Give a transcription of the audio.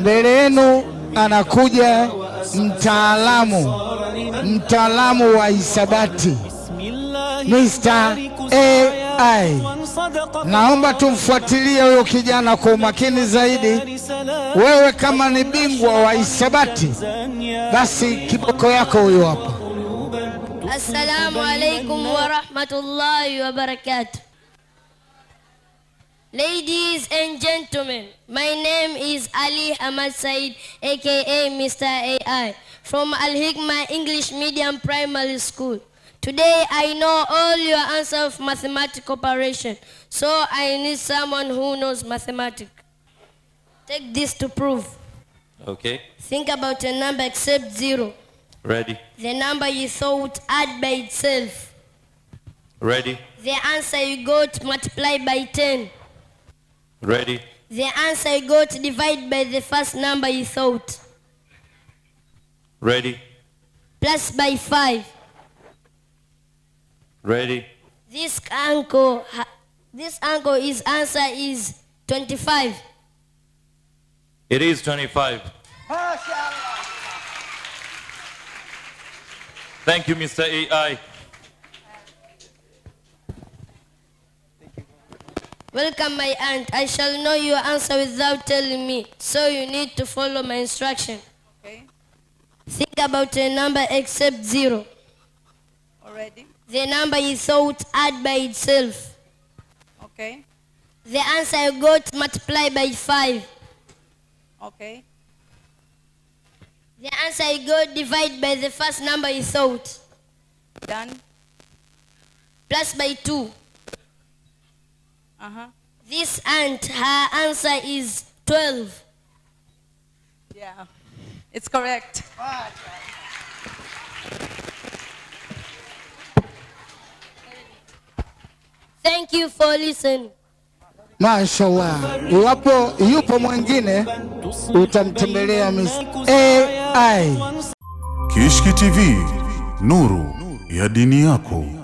Mbele yenu anakuja mtaalamu, mtaalamu wa hisabati Mr. AI. Naomba tumfuatilie huyo kijana kwa umakini zaidi. Wewe kama ni bingwa wa hisabati, basi kiboko yako huyo hapa. Assalamu alaikum wa barakatuh. Ladies and gentlemen, my name is Ali Ahmad Said, aka Mr. AI, from Al Hikma English Medium Primary School. Today I know all your answers of mathematical operation, so I need someone who knows mathematics. Take this to prove. Okay. Think about a number except zero. Ready. The number you thought add by itself. Ready. The answer you got multiply by 10. Ready? The answer you got divided by the first number you thought. Ready? Plus by five. Ready? This uncle, this uncle, his answer is 25. It is 25. Thank you, Mr. AI. Welcome, my aunt. I shall know your answer without telling me, so you need to follow my instruction. Okay. Think about a number except zero. Already? The number you thought add by itself. Okay. The answer you got multiply by five. Okay. The answer you got divide by the first number you thought. Done. Plus by two. Uh-huh. This aunt, her answer is 12. Yeah, it's correct. Thank you for listening. Mashallah. Iwapo yupo mwingine utamtembelea Miss AI. Kishki TV, nuru ya dini yako.